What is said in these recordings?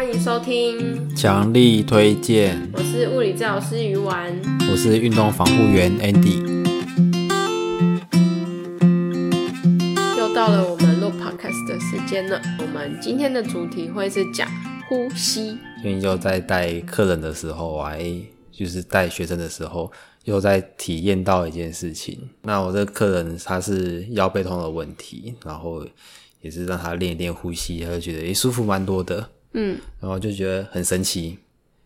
歡迎收聽，強力推薦。我是物理治療師魚丸，我是運動防護員 Andy。又到了我們錄 Podcast 的時間了。我們今天的主題會是講呼吸。最近又在帶客人的時候，我還就是帶學生的時候，又在體驗到一件事情。那我這個客人他是腰背痛的問題，然後也是讓他練一練呼吸，他就覺得欸舒服蠻多的。嗯，然後就覺得很神奇。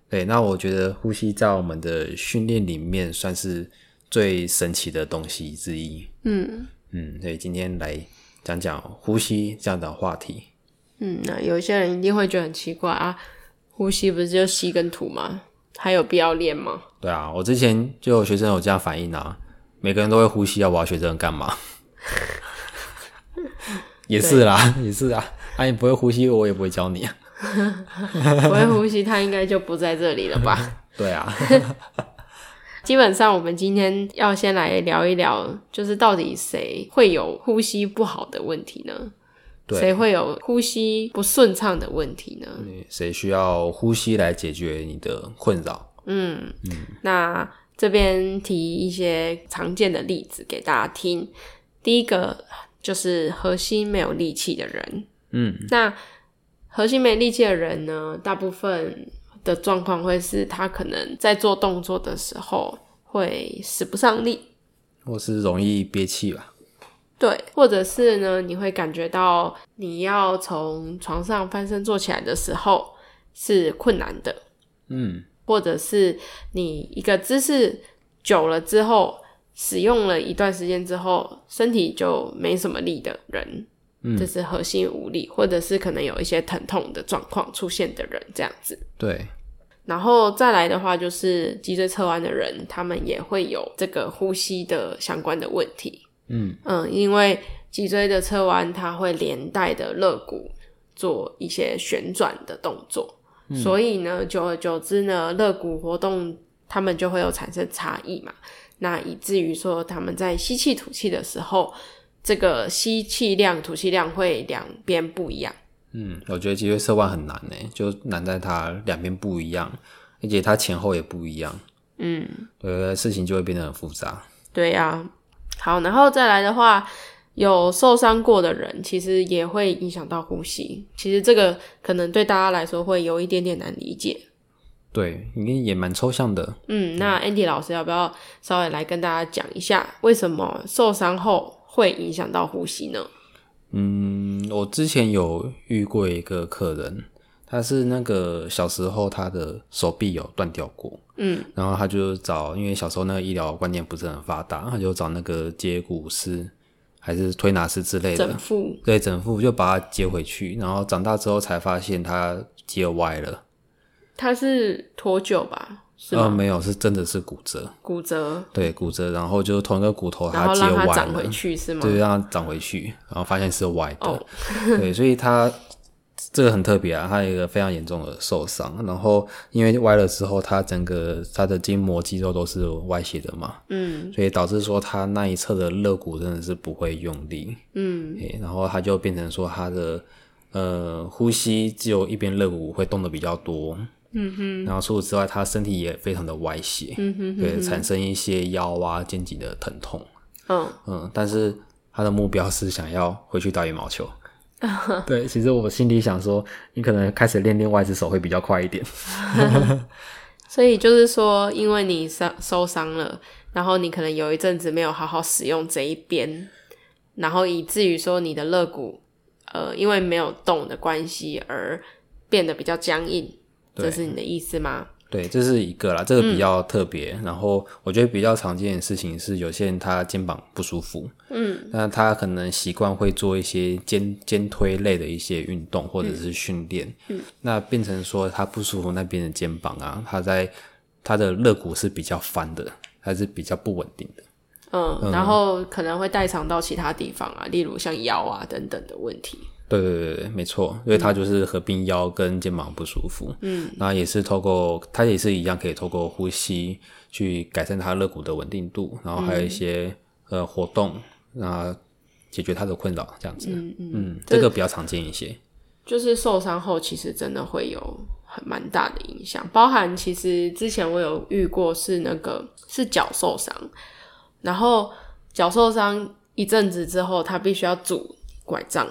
對，那我覺得呼吸在我們的訓練裡面算是最神奇的東西之一。嗯嗯，所以、嗯、今天來講講呼吸這樣的話題。嗯，那有些人一定會覺得很奇怪啊，呼吸不是就吸跟吐嗎？還有必要練嗎？對啊，我之前就有學生有這樣反應啊，每個人都會呼吸，要我要學這幹嘛？ 也是啦，對也是啊，啊，你不會呼吸，我也不會教你啊。不 會呼吸，他應該就不在這裡了吧？ 對啊。 基本上，我們今天要先來聊一聊，就是到底誰會有呼吸不好的問題呢？對，誰會有呼吸不順暢的問題呢？誰需要呼吸來解決你的困擾？嗯嗯。嗯，那這邊提一些常見的例子給大家聽。第一個就是核心沒有力氣的人。嗯，那。核心沒力氣的人呢，大部分的狀況會是他可能在做動作的時候會使不上力，或是容易憋氣吧？對，或者是呢，你會感覺到你要從床上翻身坐起來的時候是困難的。嗯，或者是你一個姿勢久了之後，使用了一段時間之後，身體就沒什麼力的人。這是核心無力，嗯、或者是可能有一些疼痛的狀況出現的人，這樣子。對，然後再來的話，就是脊椎側彎的人，他們也會有這個呼吸的相關的問題。嗯嗯，因為脊椎的側彎，它會連帶的肋骨做一些旋轉的動作，嗯、所以呢，久而久之呢，肋骨活動他們就會有產生差異嘛。那以至於說，他們在吸氣吐氣的時候。這個吸氣量、吐氣量會兩邊不一樣。嗯，我覺得脊椎側彎很難誒，就難在它兩邊不一樣，而且它前後也不一樣。嗯，對，事情就會變得很複雜。對呀。啊。好，然後再來的話，有受傷過的人，其實也會影響到呼吸。其實這個可能對大家來說會有一點點難理解。對，因為也蠻抽象的。嗯，那 Andy 老師要不要稍微來跟大家講一下，為什麼受傷後？會影響到呼吸呢？嗯，我之前有遇過一個客人，他是那個小時候他的手臂有斷掉過，嗯，然後他就找，因為小時候那個醫療觀念不是很發達，他就找那個接骨師還是推拿師之類的整復。對，整復就把他接回去，然後長大之後才發現他接歪了，他是脫臼吧？呃，沒有，是真的是骨折。骨折。對，骨折，然後就是同一個骨頭，它接歪了。然後讓它長回去是嗎？對，就讓它長回去，然後發現是歪的。哦、 對，所以他這個很特別啊，他有一個非常嚴重的受傷，然後因為歪了之後，他整個他的筋膜肌肉都是歪斜的嘛。嗯。所以導致說他那一側的肋骨真的是不會用力。嗯。然後他就變成說他的呃呼吸只有一邊肋骨會動的比較多。嗯哼，然後除此之外，他身體也非常的歪斜。嗯哼、哼、哼、哼，對，產生一些腰啊、肩頸的疼痛，嗯嗯，但是他的目標是想要回去打羽毛球， 對，其實我心裡想說，你可能開始練另外一隻手會比較快一點， 所以就是說，因為你傷受傷了，然後你可能有一陣子沒有好好使用這一邊，然後以至於說你的肋骨，呃，因為沒有動的關係而變得比較僵硬。對這是你的意思嗎？對，這是一個啦，這個比較特別。嗯，然後我覺得比較常見的事情是，有些人他肩膀不舒服，嗯，那他可能習慣會做一些肩肩推類的一些運動或者是訓練，嗯，那變成說他不舒服那邊的肩膀啊，他在他的肋骨是比較翻的，還是比較不穩定的。嗯，嗯，然後可能會代償到其他地方啊，例如像腰啊等等的問題。對對對沒錯，因為他就是合併腰跟肩膀不舒服，嗯，然後也是透過，他也是一樣可以透過呼吸去改善他肋骨的穩定度，然後還有一些、嗯、呃活動，然後解決他的困擾，這樣子，嗯嗯，嗯嗯這，這個比較常見一些，就是受傷後其實真的會有很蠻大的影響，包含其實之前我有遇過是那個是腳受傷，然後腳受傷一陣子之後，他必須要拄拐杖。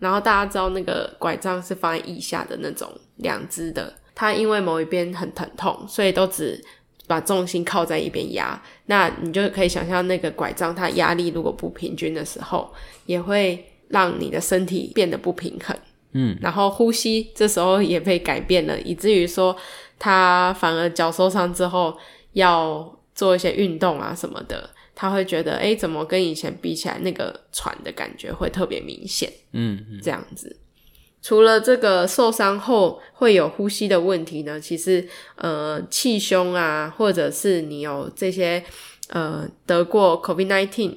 然後大家知道那個拐杖是放在腋下的那種兩支的，它因為某一邊很疼痛，所以都只把重心靠在一邊壓。那你就可以想象那個拐杖它壓力如果不平均的時候，也會讓你的身體變得不平衡。嗯，然後呼吸這時候也被改變了，以至於說他反而腳受傷之後要做一些運動啊什麼的。他會覺得，誒、欸，怎麼跟以前比起來，那個喘的感覺會特別明顯、嗯。嗯，這樣子。除了這個受傷後會有呼吸的問題呢，其實，呃，氣胸啊，或者是你有這些，呃，得過 COVID-19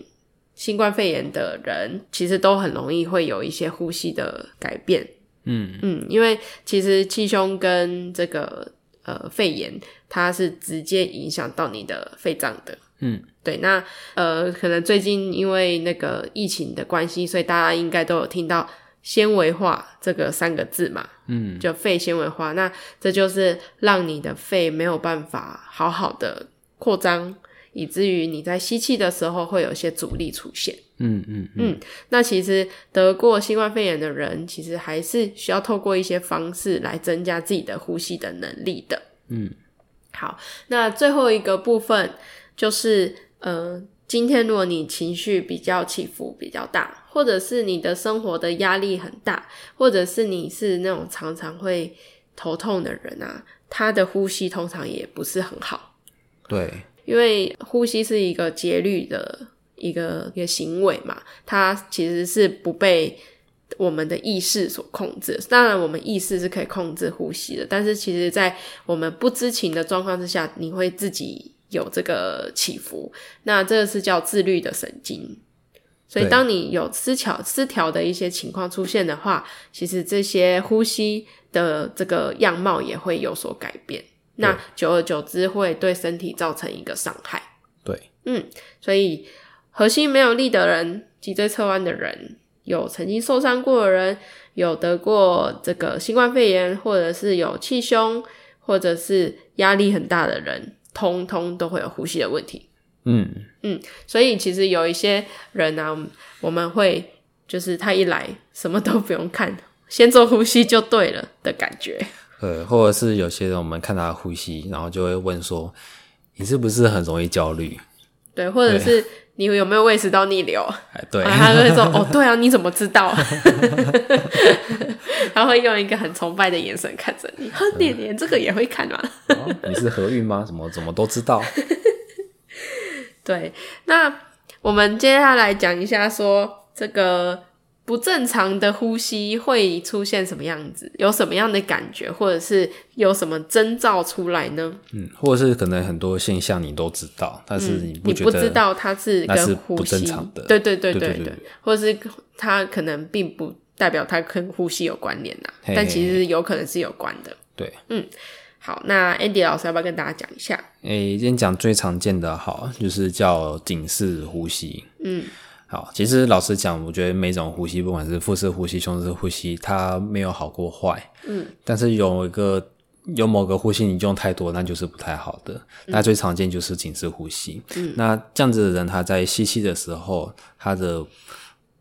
新冠肺炎的人，其實都很容易會有一些呼吸的改變。嗯嗯，因為其實氣胸跟這個呃肺炎，它是直接影響到你的肺臟的。嗯，對，那呃，可能最近因為那個疫情的關係，所以大家應該都有聽到“纖維化”這個三個字嘛，嗯，就肺纖維化，那這就是讓你的肺沒有辦法好好的擴張，以至於你在吸氣的時候會有一些阻力出現。嗯嗯嗯，嗯，那其實得過新冠肺炎的人，其實還是需要透過一些方式來增加自己的呼吸的能力的。嗯，好，那最後一個部分。就是呃，今天如果你情緒比較起伏比較大，或者是你的生活的壓力很大，或者是你是那種常常會頭痛的人啊，他的呼吸通常也不是很好。對，因為呼吸是一個節律的一個一個行為嘛，它其實是不被我們的意識所控制。當然，我們意識是可以控制呼吸的，但是其實在我們不知情的狀況之下，你會自己。有這個起伏，那這是叫自律的神經。所以，當你有對失調、失調的一些情況出現的話，其實這些呼吸的這個樣貌也會有所改變。對那久而久之，會對身體造成一個傷害。對，嗯，所以核心沒有力的人、脊椎側彎的人、有曾經受傷過的人、有得過這個新冠肺炎，或者是有氣胸，或者是壓力很大的人。通通都會有呼吸的問題，嗯嗯，所以其實有一些人呢，我們會就是他一來什麼都不用看，先做呼吸就對了的感覺。對，或者是有些人我們看他呼吸，然後就會問說：“你是不是很容易焦慮？”對，或者是。你有沒有胃食道逆流？還對，他就會說：“ 哦，對啊，你怎麼知道？” 他會用一個很崇拜的眼神看着你。呵、哦，你連這個也會看啊 、哦？你是何運嗎？怎麼怎麼都知道？ 對，那我們接下來講一下，說這個。不正常的呼吸會出現什麼樣子？有什麼樣的感覺，或者是有什麼徵兆出來呢？嗯，或者是可能很多現象你都知道，但是你不覺得它是、嗯、是跟呼吸的？對對對對對對，或者是它可能並不代表它跟呼吸有關聯吶、啊，嘿嘿嘿，但其實有可能是有關的。對，嗯，好，那 Andy 老師要不要跟大家講一下？哎，今天講最常見的，好，就是叫警示呼吸。嗯。好，其實老實講，我覺得每種呼吸，不管是腹式呼吸、胸式呼吸，它沒有好過壞。嗯。但是有一個，有某個呼吸你用太多，那就是不太好的。那、嗯、最常見就是頸式呼吸。嗯。那這樣子的人，他在吸氣的時候，他的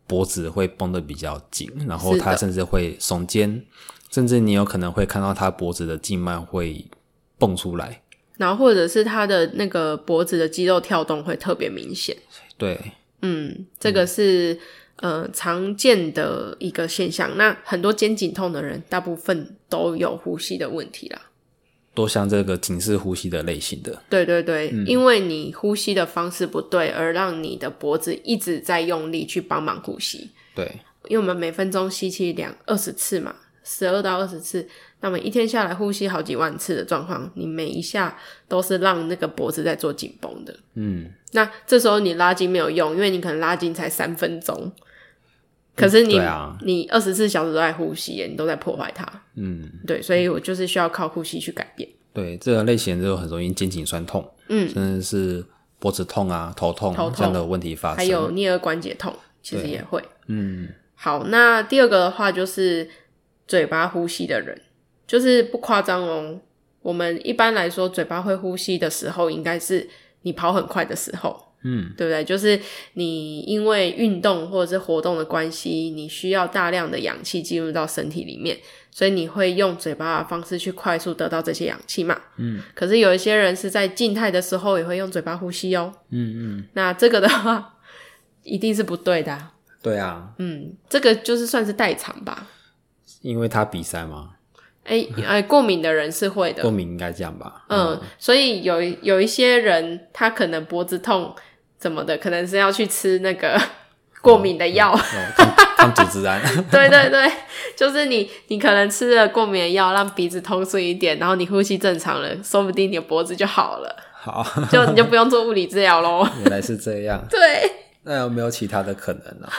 脖子會繃得比較緊，然後他甚至會聳肩，的甚至你有可能會看到他脖子的靜脈會蹦出來。然後，或者是他的那個脖子的肌肉跳動會特別明顯。對。嗯，這個是、嗯、呃常見的一個現象。那很多肩頸痛的人，大部分都有呼吸的問題啦。多像這個頸式呼吸的類型的。對對對，嗯、因為你呼吸的方式不對，而讓你的脖子一直在用力去幫忙呼吸。對，因為我們每分鐘吸氣兩二十次嘛，十二到二十次，那麼一天下來呼吸好幾萬次的狀況，你每一下都是讓那個脖子在做緊繃的。嗯。那這時候你拉筋沒有用，因為你可能拉筋才三分鐘，可是你、嗯啊、你二十四小時都在呼吸耶，你都在破壞它。嗯，對，所以我就是需要靠呼吸去改變。對，這個類型就很容易肩頸酸痛，嗯，甚至是脖子痛啊、頭痛、頭痛這樣的問題發生，還有顳頜關節痛，其實也會。嗯，好，那第二個的話就是嘴巴呼吸的人，就是不誇張哦，我們一般來說嘴巴會呼吸的時候應該是你跑很快的時候，嗯，對不對？就是你因為運動或者是活動的關係，你需要大量的氧氣進入到身體裡面，所以你會用嘴巴的方式去快速得到這些氧氣嘛。嗯。可是有一些人是在靜態的時候也會用嘴巴呼吸哦。嗯嗯。那這個的話，一定是不對的。對啊。嗯，這個就是算是代償吧。因為他比賽嗎？哎哎、欸欸，過敏的人是會的，過敏應該這樣吧。嗯，嗯，所以有有一些人，他可能脖子痛，怎麼的，可能是要去吃那個過敏的藥，抗組織胺。對對對，就是你，你可能吃了過敏的藥，讓鼻子通順一點，然後你呼吸正常了，說不定你的脖子就好了。好， 就你就不用做物理治療嘍。原來是這樣。 對，那有沒有其他的可能呢、啊？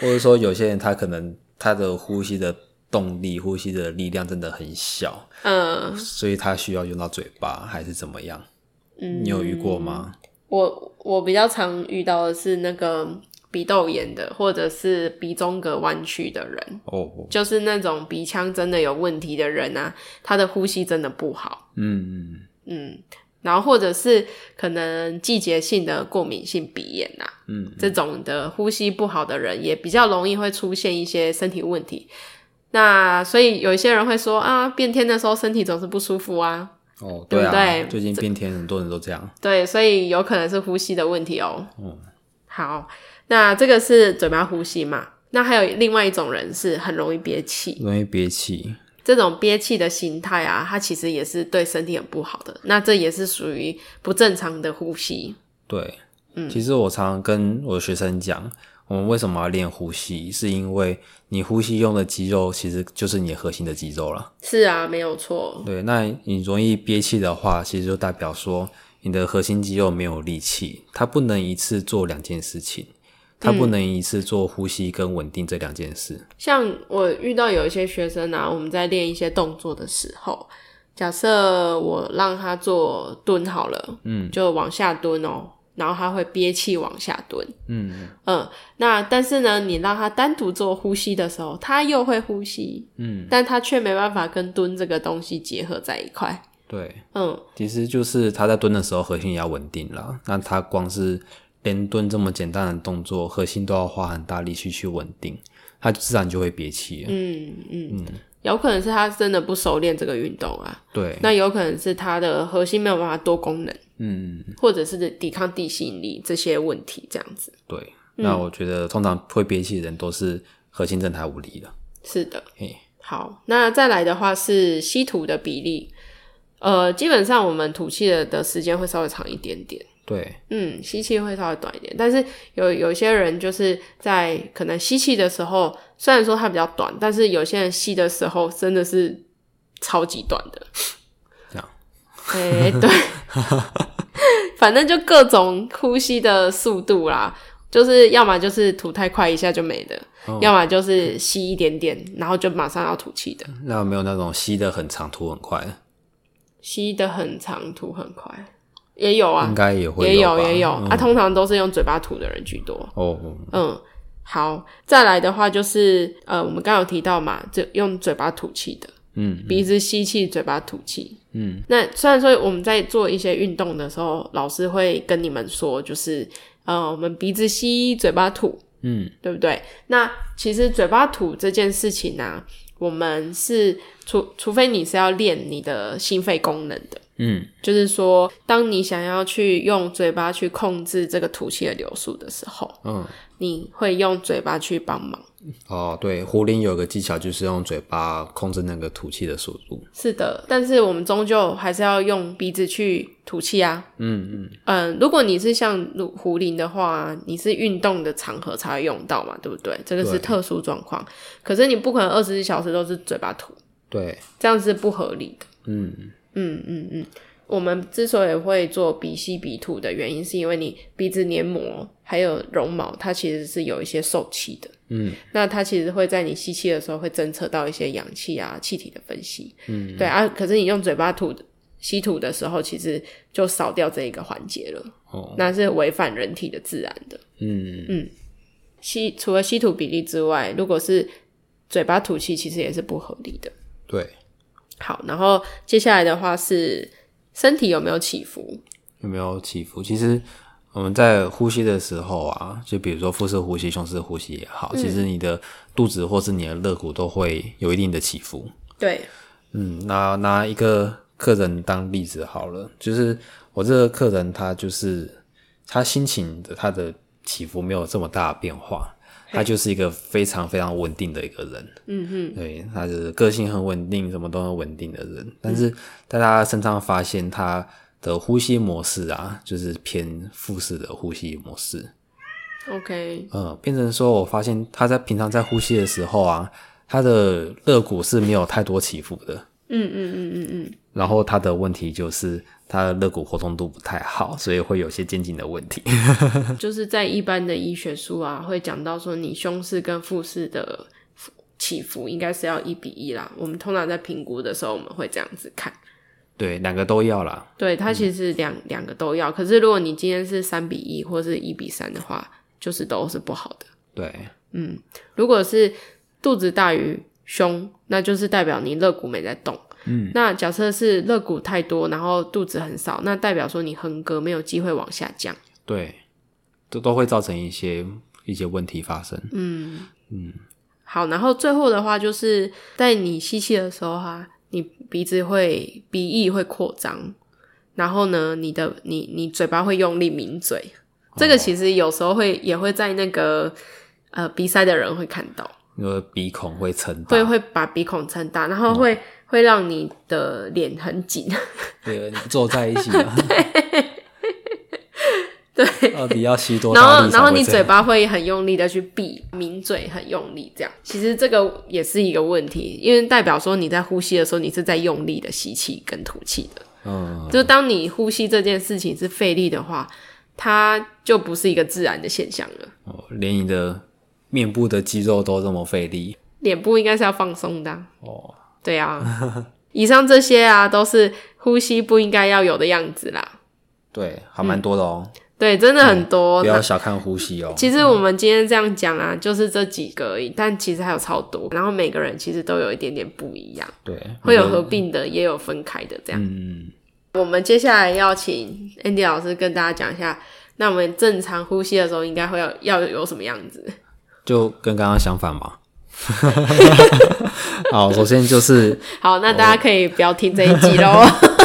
或者 說，有些人他可能他的呼吸的。動力呼吸的力量真的很小，嗯，所以它需要用到嘴巴還是怎麼樣？嗯，你有遇過嗎？我我比較常遇到的是那個鼻竇炎的，或者是鼻中隔彎曲的人，哦，oh. 就是那種鼻腔真的有問題的人啊，他的呼吸真的不好，嗯嗯嗯，然後或者是可能季節性的過敏性鼻炎啊，嗯，嗯，這種的呼吸不好的人也比較容易會出現一些身體問題。那所以有一些人會說啊，變天的時候身體總是不舒服啊，哦，對啊、對不對？最近變天，很多人都這樣這。對，所以有可能是呼吸的問題哦。嗯，好，那這個是嘴巴呼吸嘛？那還有另外一種人是很容易憋氣，容易憋氣。這種憋氣的心態啊，它其實也是對身體很不好的。那這也是屬於不正常的呼吸。對，嗯，其實我常常跟我的學生講。我們為什麼要練呼吸？是因為你呼吸用的肌肉其實就是你核心的肌肉了。是啊，沒有錯。對，那你容易憋氣的話，其實就代表說你的核心肌肉沒有力氣，它不能一次做兩件事情，它不能一次做呼吸跟穩定這兩件事。嗯，像我遇到有一些學生啊，我們在練一些動作的時候，假設我讓他做蹲好了，嗯，就往下蹲哦。然後他會憋氣往下蹲，嗯嗯，那但是呢，你讓他單獨做呼吸的時候，他又會呼吸，嗯，但他卻沒辦法跟蹲這個東西結合在一塊，對，嗯，其實就是他在蹲的時候核心也要穩定了，那他光是連蹲這麼簡單的動作，核心都要花很大力氣去穩定，他自然就會憋氣了，嗯嗯嗯，嗯嗯有可能是他真的不熟練這個運動啊，對，那有可能是他的核心沒有辦法多功能。嗯，或者是抵抗地心引力這些問題，這樣子。對，嗯、那我覺得通常會憋氣的人都是核心正太無力了。是的。嘿好，那再來的話是吸吐的比例，呃，基本上我們吐氣的，的時間會稍微長一點點。對，嗯，吸氣會稍微短一點，但是有有些人就是在可能吸氣的時候，雖然說它比較短，但是有些人吸的時候真的是超級短的。哎、欸，對， 反正就各種呼吸的速度啦，就是要麼就是吐太快，一下就沒的，oh. 要麼就是吸一點點，然後就馬上要吐氣的。那有沒有那種吸的很長，吐很快？吸的很長，吐很快。也有啊，應該也會有，也有，也有。他、嗯啊、通常都是用嘴巴吐的人居多哦。Oh. 嗯，好，再來的話就是呃，我們剛剛有提到嘛，就用嘴巴吐氣的。嗯，嗯，鼻子吸氣，嘴巴吐氣。嗯，那雖然說我們在做一些運動的時候，老師會跟你們說，就是呃，我們鼻子吸，嘴巴吐。嗯，對不對？那其實嘴巴吐這件事情呢、啊，我們是除除非你是要練你的心肺功能的，嗯，就是說，當你想要去用嘴巴去控制這個吐氣的流速的時候，嗯、哦，你會用嘴巴去幫忙。哦，對，壺鈴有個技巧，就是用嘴巴控制那個吐氣的速度。是的，但是我們終究還是要用鼻子去吐氣啊。嗯嗯嗯、呃，如果你是像如壺鈴的話，你是運動的場合才會用到嘛，對不對？這個是特殊狀況。對可是你不可能二十四小時都是嘴巴吐，對，這樣是不合理的。嗯嗯嗯嗯，我們之所以會做鼻吸鼻吐的原因，是因為你鼻子黏膜還有絨毛，它其實是有一些受器的。嗯，那它其實會在你吸氣的時候會偵測到一些氧氣啊、氣體的分析，嗯，對啊。可是你用嘴巴吐吸吐的時候，其實就少掉這一個環節了，哦，那是違反人體的自然的，嗯嗯。吸除了吸吐比例之外，如果是嘴巴吐氣，其實也是不合理的，對。好，然後接下來的話是身體有沒有起伏？有沒有起伏？其實。我們在呼吸的時候啊，就比如說腹式呼吸、胸式呼吸也好，嗯、其實你的肚子或是你的肋骨都會有一定的起伏。對，嗯，那拿一個客人當例子好了，就是我這個客人，他就是他心情的他的起伏沒有這麼大的變化，嘿他就是一個非常非常穩定的一個人。嗯哼，對，他就是個性很穩定，什麼都很穩定的人，嗯、但是在他身上發現他。的呼吸模式啊，就是偏腹式的呼吸模式。OK，嗯，變成說我發現他在平常在呼吸的時候啊，他的肋骨是沒有太多起伏的。嗯嗯嗯嗯嗯。然後他的問題就是他的肋骨活動度不太好，所以會有些肩頸的問題。 就是在一般的醫學書啊，會講到說你胸式跟腹式的起伏應該是要一比一啦。我們通常在評估的時候，我們會這樣子看。對，兩個都要啦。對，它其實兩兩、嗯、個都要。可是如果你今天是三比一或是一比三的話，就是都是不好的。對，嗯，如果是肚子大於胸，那就是代表你肋骨沒在動。嗯，那假設是肋骨太多，然後肚子很少，那代表說你橫膈沒有機會往下降。對，這都會造成一些一些問題發生。嗯嗯，嗯好，然後最後的話就是在你吸氣的時候哈、啊。你鼻子會，鼻翼會擴張，然後呢，你的你你嘴巴會用力抿嘴，哦、這個其實有時候會也會在那個呃鼻塞，的人會看到，因為鼻孔會撐大，對，會把鼻孔撐大，然後會、嗯、會讓你的臉很緊，對，坐在一起、啊。 對，到底要吸多少，然後然後你嘴巴會很用力的去閉，抿嘴很用力，這樣其實這個也是一個問題，因為代表說你在呼吸的時候，你是在用力的吸氣跟吐氣的，嗯，就當你呼吸這件事情是費力的話，它就不是一個自然的現象了。哦，連你的面部的肌肉都這麼費力，臉部應該是要放鬆的啊，哦。對啊， 以上這些啊都是呼吸不應該要有的樣子啦。對，還蠻多的哦。嗯對，真的很多，嗯，不要小看呼吸哦。其實我們今天這樣講啊，嗯，就是這幾個而已，但其實還有超多，然後每個人其實都有一點點不一樣，對，會有合併的，嗯，也有分開的這樣。嗯，我們接下來要請 Andy 老師跟大家講一下，那我們正常呼吸的時候應該會有，要有什麼樣子？就跟剛剛相反嘛。 好，首先就是好，那大家可以不要聽這一集嘍。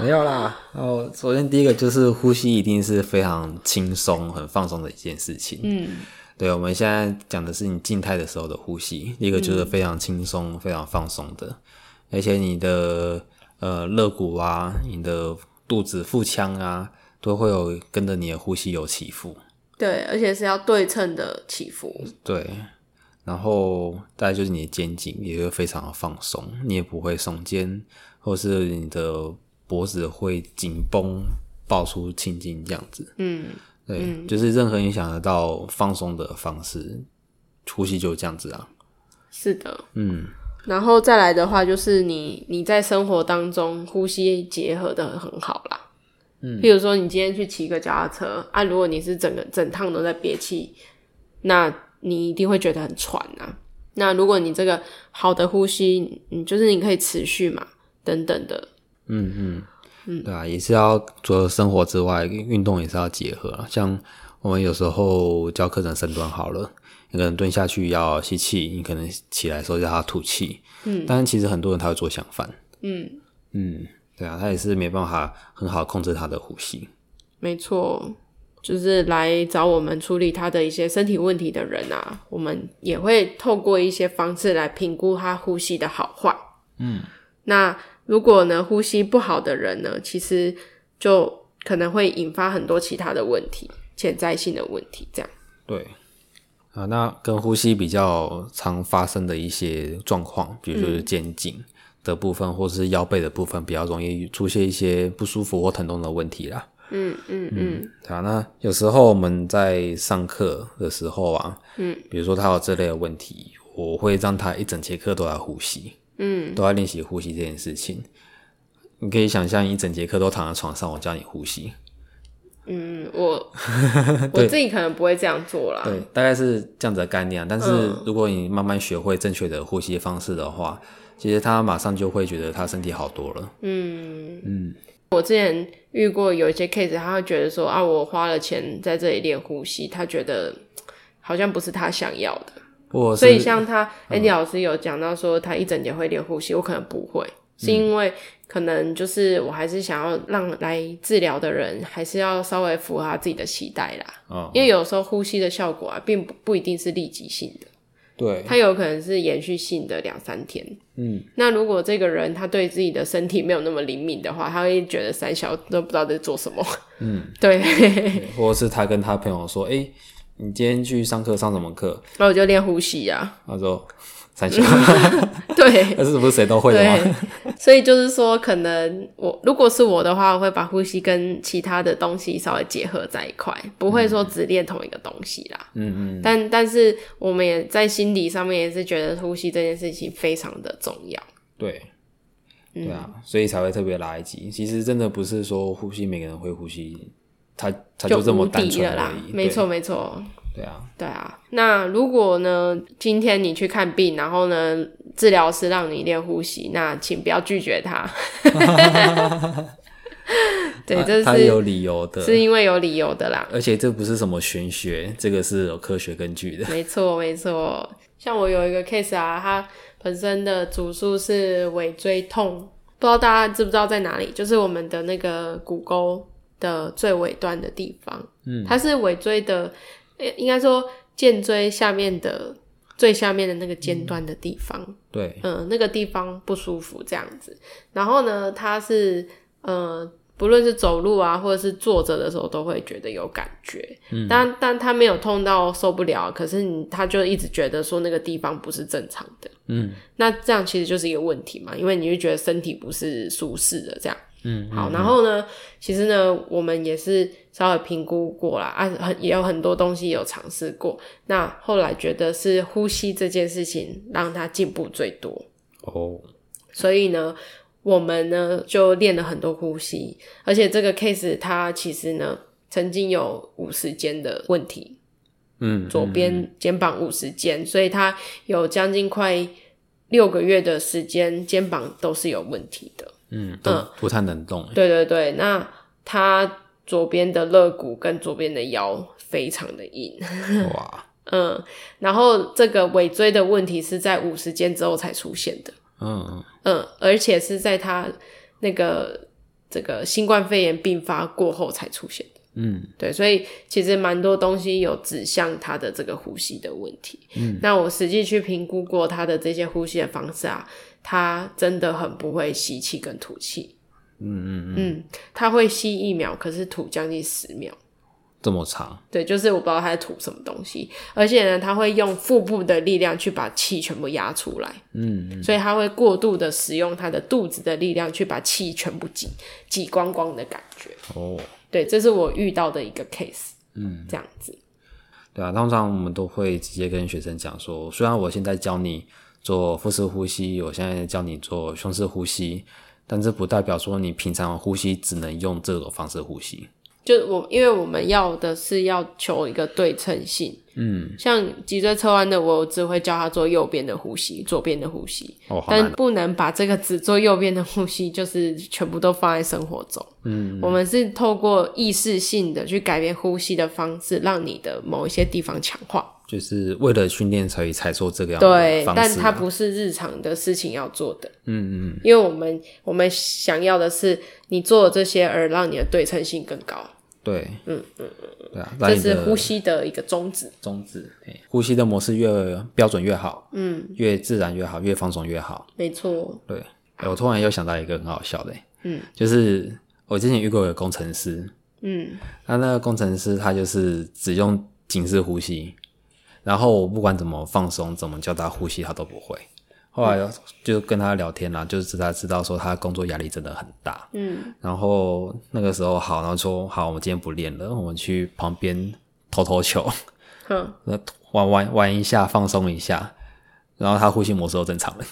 沒有啦。然後、哦，首先第一個就是呼吸，一定是非常輕鬆、很放鬆的一件事情。嗯，對，我們現在講的是你靜態的時候的呼吸，第一個就是非常輕鬆、嗯、非常放鬆的，而且你的呃肋骨啊、你的肚子、腹腔啊，都會有跟着你的呼吸有起伏。對，而且是要對稱的起伏。對，然後，大概就是你的肩頸也會非常的放鬆，你也不會聳肩，或是你的。脖子會緊繃，爆出青筋這樣子。嗯，對，嗯、就是任何你想得到放鬆的方式，呼吸就這樣子啊。是的，嗯，然後再來的話，就是你你在生活當中呼吸結合的很好啦。嗯，譬如說你今天去騎個腳踏車啊，如果你是整個整趟都在憋氣，那你一定會覺得很喘啊。那如果你這個好的呼吸，嗯，就是你可以持續嘛，等等的。嗯嗯嗯，嗯嗯對啊，也是要除了生活之外，運動也是要結合啊。像我們有時候教課程，深蹲好了，一個人蹲下去要吸氣，你可能起來的時候叫他吐氣。嗯，但其實很多人他會做相反。嗯嗯，對啊，他也是沒辦法很好控制他的呼吸。沒錯，就是來找我們處理他的一些身體問題的人啊，我們也會透過一些方式來評估他呼吸的好壞。嗯，那。如果呢，呼吸不好的人呢，其實就可能會引發很多其他的問題，潛在性的問題，這樣。對。啊，那跟呼吸比較常發生的一些狀況，比如說是肩頸的部分，嗯、或是腰背的部分，比較容易出現一些不舒服或疼痛的問題啦。嗯嗯嗯。嗯嗯好，那有時候我們在上課的時候啊，嗯，比如說他有這類的問題，我會讓他一整節課都在呼吸。嗯，都在練習呼吸這件事情。你可以想象一整節課都躺在床上，我教你呼吸。嗯，我 對我自己可能不會這樣做啦，對，大概是這樣子的概念。啊，但是如果你慢慢學會正確的呼吸方式的話，嗯、其實他馬上就會覺得他身體好多了。嗯嗯，嗯我之前遇過有一些 case，他會覺得說啊，我花了錢在這裡練呼吸，他覺得好像不是他想要的。所以像他 Andy、欸、嗯、老師有講到說，他一整節會練呼吸，我可能不會，嗯、是因為可能就是我還是想要讓來治療的人還是要稍微符合他自己的期待啦。嗯、因為有時候呼吸的效果啊，並不，不一定是立即性的，對，他有可能是延續性的兩三天。嗯，那如果這個人他對自己的身體沒有那麼靈敏的話，他會覺得三小都不知道在做什麼。嗯，對， 或是他跟他朋友說，哎、欸。你今天去上課上什麼課？那、啊、我就練呼吸呀、啊。他、啊、說：“三星， 對，那是不是誰都會的嗎？所以就是說，可能我如果是我的話，我會把呼吸跟其他的東西稍微結合在一塊，不會說只練同一個東西啦。嗯嗯。但但是我們也在心理上面也是覺得呼吸這件事情非常的重要。對。對啊，所以才會特別來一集。其實真的不是說呼吸，每個人會呼吸。他他就這麼單純了啦，對，沒錯沒錯，對啊對啊。那如果呢，今天你去看病，然後呢，治療師讓你練呼吸，那請不要拒絕他。對，這是他有理由的，是因為有理由的啦。而且這不是什麼玄學，這個是有科學根據的。沒錯沒錯，像我有一個 case 啊，他本身的主訴是尾椎痛，不知道大家知不知道在哪裡，就是我們的那個骨溝。的最尾端的地方，嗯，它是尾椎的，應該說薦椎下面的最下面的那個尖端的地方，嗯、對，嗯、呃，那個地方不舒服這樣子。然後呢，他是，呃，不論是走路啊，或者是坐着的時候，都會覺得有感覺。嗯，但但他沒有痛到受不了，可是你他就一直覺得說那個地方不是正常的，嗯，那這樣其實就是一個問題嘛，因為你就覺得身體不是舒適的這樣。嗯,嗯,嗯，好，然後呢，其實呢，我們也是稍微評估過啦，啊，很也有很多東西有嘗試過。那後來覺得是呼吸這件事情讓他進步最多哦，oh. 所以呢，我們呢就練了很多呼吸，而且這個 case 他其實呢曾經有五十肩的問題，嗯,嗯,嗯，左邊肩膀五十肩，所以他有將近快六個月的時間肩膀都是有問題的。嗯，不太能動。對對對，那他左邊的肋骨跟左邊的腰非常的硬。 哇。嗯，然後這個尾椎的問題是在五十肩之後才出現的。嗯嗯、哦。嗯，而且是在他那個這個新冠肺炎病發過後才出現的。嗯，對，所以其實蠻多東西有指向他的這個呼吸的問題。嗯，那我實際去評估過他的這些呼吸的方式啊。他真的很不會吸氣跟吐氣，嗯嗯嗯、嗯，他會吸一秒，可是吐將近十秒。這麼長？對，就是我不知道他在吐什麼東西，而且呢，他會用腹部的力量去把氣全部壓出來，嗯、嗯，所以他會過度的使用他的肚子的力量去把氣全部擠擠光光的感覺。哦，對，這是我遇到的一個 case，嗯，這樣子，對啊，通常我們都會直接跟學生講說，雖然我現在教你。做腹式呼吸，我現在教你做胸式呼吸，但這不代表說你平常呼吸只能用這種方式呼吸。就我，因為我們要的是要求一個對稱性，嗯，像脊椎側彎的我，我只會教他做右邊的呼吸，左邊的呼吸，哦、但不能把這個只做右邊的呼吸，就是全部都放在生活中。嗯，我們是透過意識性的去改變呼吸的方式，讓你的某一些地方強化。就是為了訓練，所以才，才做這個樣子，啊、對，但它不是日常的事情要做的。嗯嗯，嗯，因為我們我們想要的是你做這些而讓你的對稱性更高。對，嗯嗯嗯，對、嗯、啊，嗯、這是呼吸的一個宗旨。宗旨對，呼吸的模式越標準越好，嗯，越自然越好，越放鬆越好。沒錯，對。我突然又想到一個很好笑的，嗯，就是我之前遇過一個工程師，嗯，那那個工程師他就是只用緊式呼吸。然後我不管怎麼放鬆，怎麼叫他呼吸，他都不會。後來就跟他聊天啦、嗯、就是他知道說他工作壓力真的很大。嗯。然後那個時候好，然後說好，我們今天不練了，我們去旁邊投投球。哼、嗯，那玩玩，玩一下，放鬆一下，然後他呼吸模式都正常了。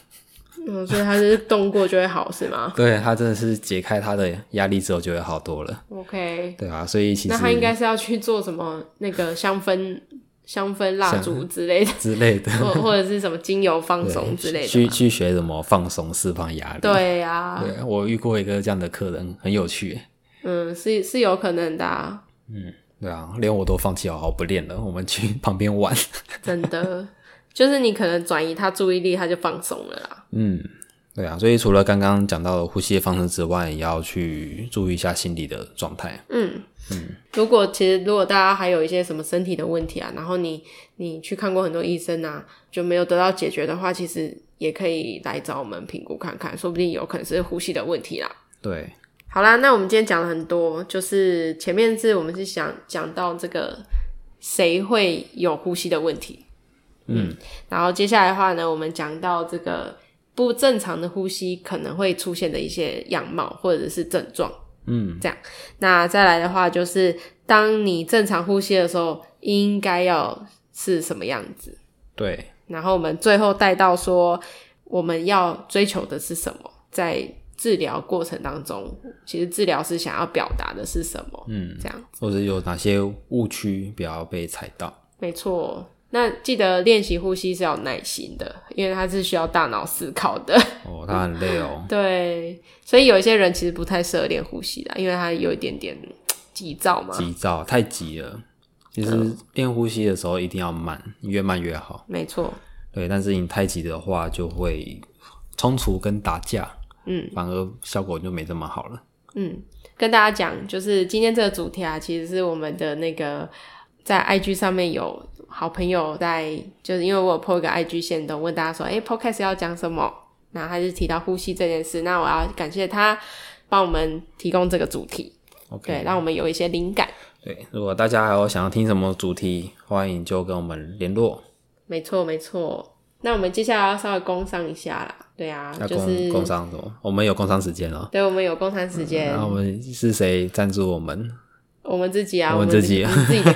嗯、哦，所以他是動過就會好 是嗎？對，他真的是解開他的壓力之後就會好多了。OK。對啊，所以其實那他應該是要去做什麼那個香氛。香氛蠟燭之類的，之類的，或者是什麼精油放鬆之類的，去去學什麼放鬆、釋放壓力。對啊，對我遇過一個這樣的客人，很有趣。嗯，是是有可能的啊。嗯，對啊，連我都放棄，好好不練了，我們去旁邊玩。真的，就是你可能轉移他注意力，他就放鬆了啦。嗯，對啊，所以除了剛剛講到的呼吸的方式之外，也要去注意一下心理的狀態。嗯。嗯，如果其實如果大家還有一些什麼身體的問題啊，然後你你去看過很多醫生啊，就沒有得到解決的話，其實也可以來找我們評估看看，說不定有可能是呼吸的問題啦。對。好啦，那我們今天講了很多，就是前面是我們是想講到這個誰會有呼吸的問題。嗯，嗯，然後接下來的話呢，我們講到這個不正常的呼吸可能會出現的一些樣貌或者是症狀。嗯，這樣。那再來的話，就是當你正常呼吸的時候，應該要是什麼樣子？對。然後我們最後帶到說，我們要追求的是什麼？在治療過程當中，其實治療師想要表達的是什麼？嗯，這樣。或者有哪些誤區不要被踩到？沒錯。那記得練習呼吸是要有耐心的，因為它是需要大腦思考的。哦，他很累哦。 對，所以有一些人其實不太適合練呼吸的，因為他有一點點急躁嘛。急躁太急了，其實練呼吸的時候一定要慢，嗯、越慢越好。沒錯。對，但是你太急的話就會衝突跟打架。嗯。反而效果就沒這麼好了。嗯，跟大家講，就是今天這個主題啊，其實是我們的那個在 IG 上面有。好朋友在，就是因為我有 po 一個 IG 限動，都問大家說，哎、欸，Podcast 要講什麼？然後他就提到呼吸這件事，那我要感謝他幫我們提供這個主題，Okay. 對，讓我們有一些靈感。對，如果大家還有想要聽什麼主題，歡迎就跟我們聯絡。沒錯，沒錯。那我們接下來要稍微工商一下啦。對啊，那工，就是工商什麼？我們有工商時間哦。對，我們有工商時間，嗯。然後我們是誰贊助我們？我們自己啊，我們自己的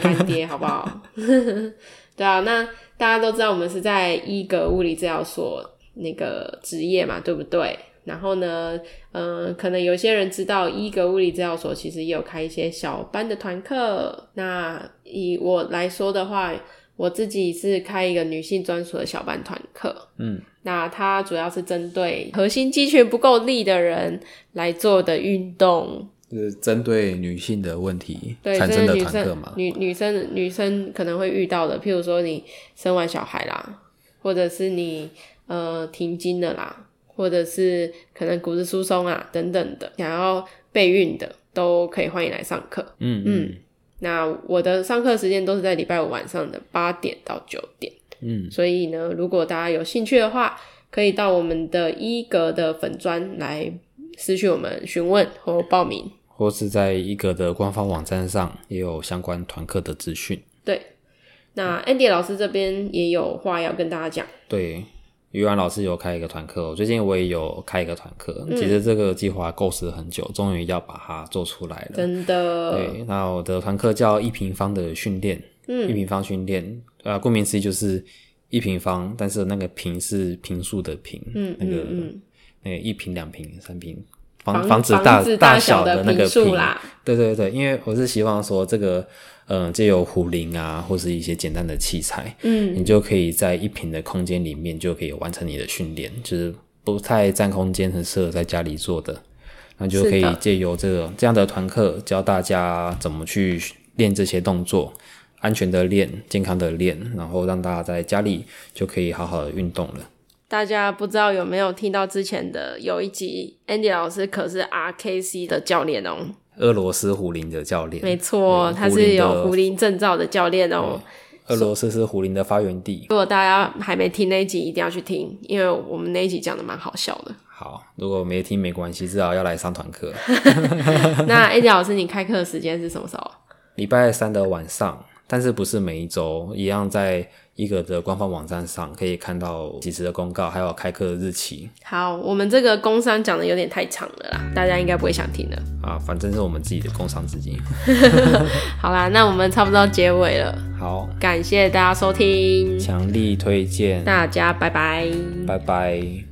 乾爹，好不好？ 對啊，那大家都知道我們是在一格物理治療所那個執業嘛，對不對？然後呢，嗯、呃，可能有些人知道一格物理治療所其實也有開一些小班的團課。那以我來說的話，我自己是開一個女性專屬的小班團課，嗯，那它主要是針對核心肌群不夠力的人來做的運動。就是針對女性的問題對產生的團課嘛，女女生女生可能會遇到的，譬如說你生完小孩啦，或者是你呃停經的啦，或者是可能骨質疏鬆啊等等的，想要備孕的都可以歡迎來上課。嗯嗯，那我的上課時間都是在禮拜五晚上的八點到九點。嗯，所以呢，如果大家有興趣的話，可以到我們的一格的粉專來私訊我們詢問或報名。或是在一格的官方網站上也有相關團課的資訊。對，那 Andy 老師這邊也有話要跟大家講。嗯。對，魚丸老師有開一個團課，我最近我也有開一個團課。嗯、其實這個計劃構思了很久，終於要把它做出來了。真的。對，那我的團課叫“一坪方的訓練”，嗯、一坪方訓練，啊，顧名思義就是一坪方，但是那個“坪，坪”是坪數的“坪”，嗯，那個那個一平、兩平、三平。防防止大大小的那個坪啦，對對對，因為我是希望說這個，嗯，借由壺鈴啊，或是一些簡單的器材，嗯，你就可以在一坪的空間裡面就可以完成你的訓練，就是不太佔空間，很適合在家裡做的，那就可以借由這個的這樣的團課教大家怎麼去練這些動作，安全的練，健康的練，然後讓大家在家裡就可以好好的運動了。大家不知道有沒有聽到之前的有一集，Andy 老師可是 RKC 的教練哦，俄羅斯壺鈴的教練，沒錯，嗯、他是有壺鈴證照的教練哦，嗯。俄羅斯是壺鈴的發源地，如果大家還沒聽那集，一定要去聽，因為我們那集講得蠻好笑的。好，如果沒聽沒關係，至少要來上團課。那 Andy 老師，你開課的時間是什麼時候？禮拜三的晚上。但是不是每一週一樣，在一格的官方網站上可以看到及時的公告，還有開課的日期。好，我們這個工商講的有點太長了啦，大家應該不會想聽的。啊，反正是我們自己的工商資金。 好啦，那我們差不多結尾了。好，感謝大家收聽，強力推薦，大家拜拜，拜拜。